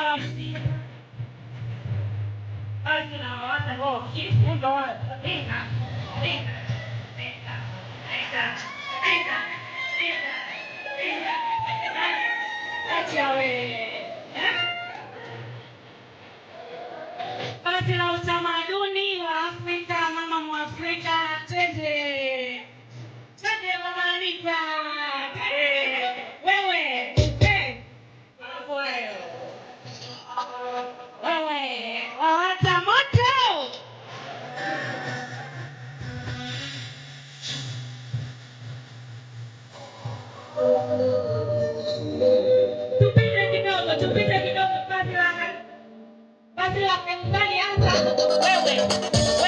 aquela filha. Aqui na hora, vou aqui, embora. Vem cá, vem cá, vem cá, vem cá, vem cá, vem cá, vem cá. Vai, vai, tchau, Daniel, Daniel, Daniel,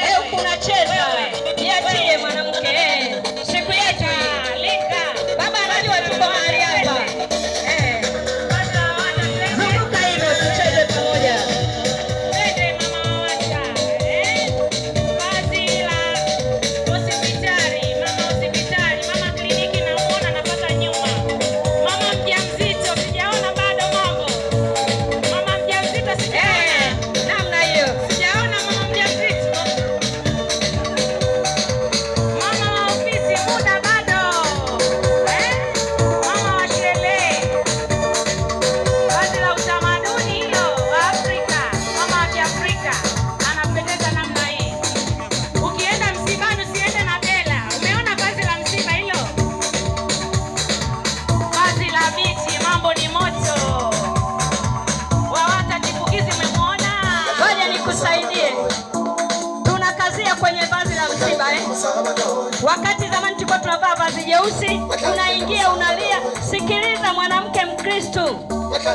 Wakati zamani tulikuwa tunavaa vazi jeusi, unaingia unalia. Sikiliza mwanamke Mkristo,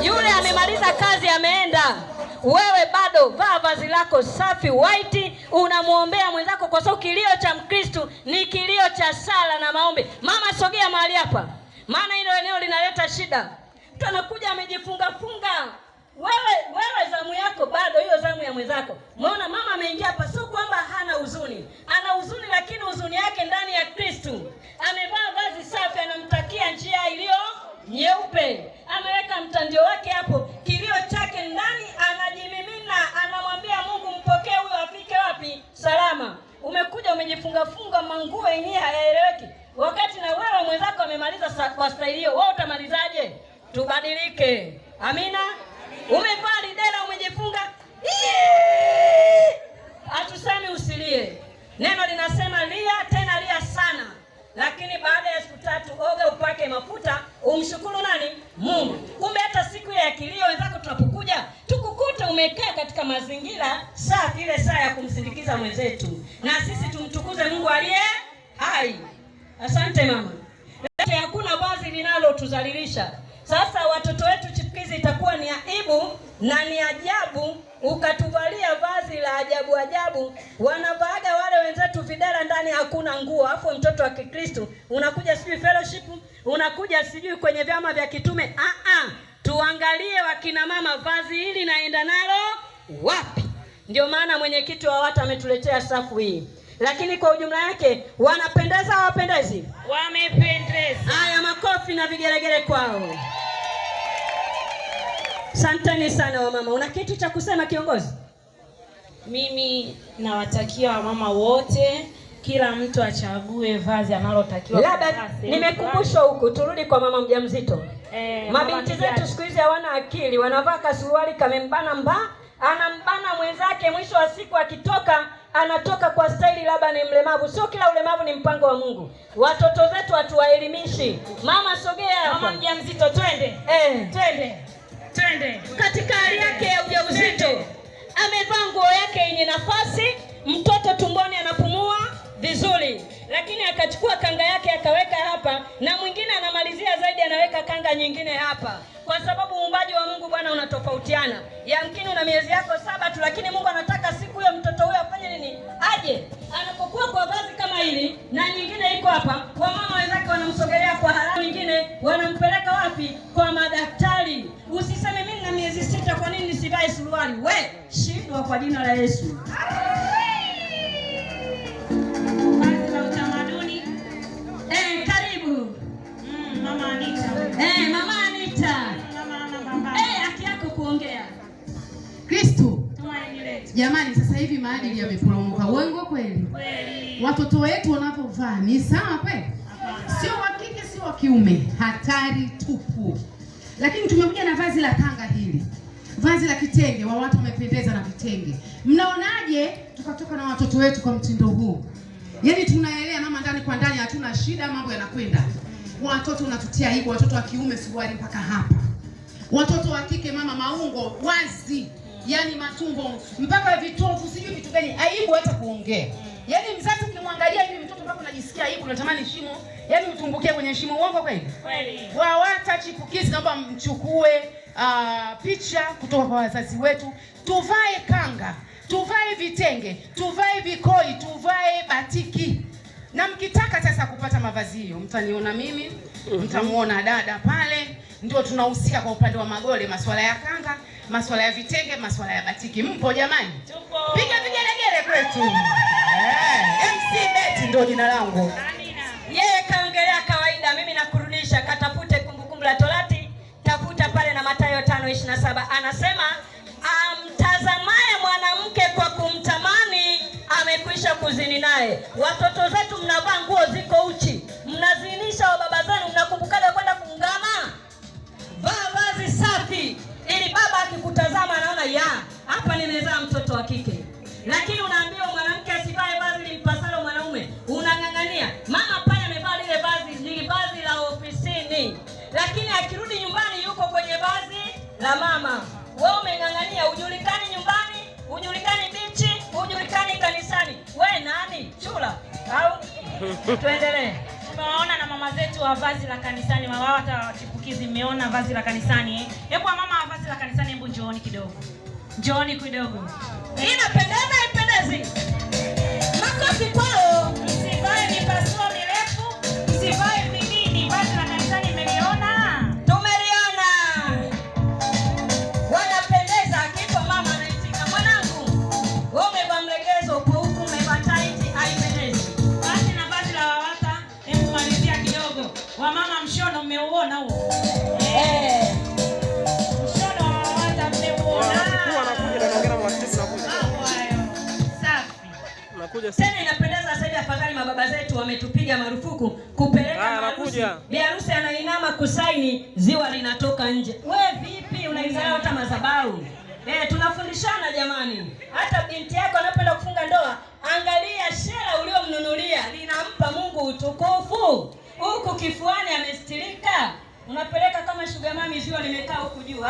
yule amemaliza kazi, ameenda wewe bado vaa vazi lako safi white, unamwombea mwenzako, kwa sababu kilio cha Mkristu ni kilio cha sala na maombi. Mama, sogea mahali hapa, maana hilo eneo linaleta shida. Mtu anakuja amejifungafunga wewe wewe, zamu yako bado, hiyo zamu ya mwenzako. Umeona mama ameingia hapa, sio kwamba hana huzuni, ana huzuni, lakini huzuni yake ndani ya Kristu. Amevaa vazi safi, anamtakia njia iliyo nyeupe, ameweka mtandio wake hapo, kilio chake ndani, anajimimina, anamwambia Mungu, mpokee huyo, afike wapi? Salama. Umekuja umejifungafunga manguo yenyewe hayaeleweki, wakati na wewe mwenzako amemaliza kwa staili hiyo, wewe utamalizaje? Tubadilike. Amina. Umevaa lidera umejifunga, hatusemi usilie. Neno linasema lia, tena lia sana, lakini baada ya siku tatu oge upake mafuta, umshukuru nani? Mungu. Kumbe hata siku ya kilio wenzako tunapokuja tukukute umekaa katika mazingira safi, ile saa ya kumsindikiza mwenzetu, na sisi tumtukuze Mungu aliye hai. Asante mama, hakuna vazi linalotuzalilisha. Sasa watoto wetu chipukizi itakuwa ni aibu na ni ajabu ukatuvalia vazi la ajabu ajabu. Wanavaaga wale wenzetu vidara ndani, hakuna nguo, afu mtoto wa Kikristo unakuja sijui fellowship, unakuja sijui kwenye vyama vya kitume. Ah ah, tuangalie wakina mama, vazi hili naenda nalo wapi? Ndio maana mwenyekiti wa watu ametuletea safu hii, lakini kwa ujumla yake wanapendeza, wapendezi Wamependeza. Haya, makofi na vigelegele kwao. Asanteni sana wamama. Una kitu cha kusema kiongozi? Mimi nawatakia wamama wote, kila mtu achague vazi analotakiwa. Labda nimekumbushwa huku, turudi kwa mama mjamzito. Eh, mabinti zetu siku hizi hawana akili, wanavaa kasuruali kamembana mba, anambana mwenzake, mwisho wa siku akitoka anatoka kwa staili labda ni mlemavu. Sio kila ulemavu ni mpango wa Mungu. Watoto zetu hatuwaelimishi. Mama sogea, mama mjamzito, twende eh, twende. Tende. Katika hali yake ya ujauzito amevaa nguo yake yenye nafasi, mtoto tumboni anapumua vizuri, lakini akachukua kanga yake akaweka hapa, na mwingine anamalizia zaidi, anaweka kanga nyingine hapa, kwa sababu uumbaji wa Mungu Bwana unatofautiana. Yamkini una miezi yako saba tu, lakini Mungu anataka siku hiyo mtoto huyo afanye nini? Aje anapokuwa kwa vazi kama hili na nyingine iko hapa, mama wenzake wanamsogelea kwa haraka, wengine wanampeleka wapi? we shindwa kwa jina la Yesu. Kazi za utamaduni. Eh, karibu mm, mama Anita. Eh, mama Anita. Eh, haki yako kuongea. Kristo Jamani, sasa hivi maadili yameporomoka. Uongo kweli? Kweli. Watoto wetu wanapovaa ni sawa kweli? Sio wa kike, sio wa kiume, hatari tupu. Lakini tumekuja na vazi la tanga hili vazi la kitenge wa watu wamependeza na vitenge. Mnaonaje tukatoka na watoto wetu kwa mtindo huu? Yaani tunaelea mama, ndani kwa ndani hatuna shida, mambo yanakwenda. Watoto unatutia aibu, watoto wa kiume suruali mpaka hapa, watoto wa kike mama maungo wazi, yani matumbo mpaka vitovu, sijui vitu gani, aibu hata kuongea. Yaani mzazi ukimwangalia hivi mtoto mpaka unajisikia aibu, unatamani shimo, yaani utumbukie kwenye shimo. Uongo kweli? Kweli. Wawata chipukizi, naomba mchukue uh, ah, picha kutoka kwa wazazi wetu, tuvae kanga, tuvae vitenge, tuvae vikoi, tuvae batiki. Na mkitaka sasa kupata mavazi hiyo, mtaniona mimi, mhm. mtamuona dada pale, ndio tunahusika kwa upande wa Magole, masuala ya kanga, masuala ya vitenge, masuala ya batiki. Mpo jamani? Piga vigelegele kwetu. Yeah. MC Beti ndio jina langu. na saba anasema amtazamaye ah, mwanamke kwa kumtamani amekwisha kuzini naye. Watoto zetu mnavaa nguo ziko uchi, mnazinisha wa baba zenu, mnakumbukaga kwenda kungama Vaa vazi safi, ili baba akikutazama anaona ya hapa nimezaa mtoto wa kike, lakini na mama. Wewe umeng'ang'ania ujulikani nyumbani, ujulikani bichi, ujulikani kanisani, we nani chula au? Tuendelee. Tumewaona na mama zetu wa vazi la kanisani, wao hata wachipukizi. Mmeona vazi la kanisani? Hebu mama wa vazi la kanisani, hebu njooni kidogo, njooni kidogo. Inapendeza, ipendezi makofi kwa mmeuona huo eh. ah, Tena inapendeza zaidi afadhali mababa zetu wametupiga marufuku kupeleka biharusi, anainama kusaini, ziwa linatoka nje. We vipi, unaizaa hata madhabahu? Eh, tunafundishana jamani. Hata binti yako anapenda kufunga ndoa, angalia shela uliomnunulia linampa Mungu utukufu huku kifuani amestirika, unapeleka kama shuga mami, limekaa huku juu.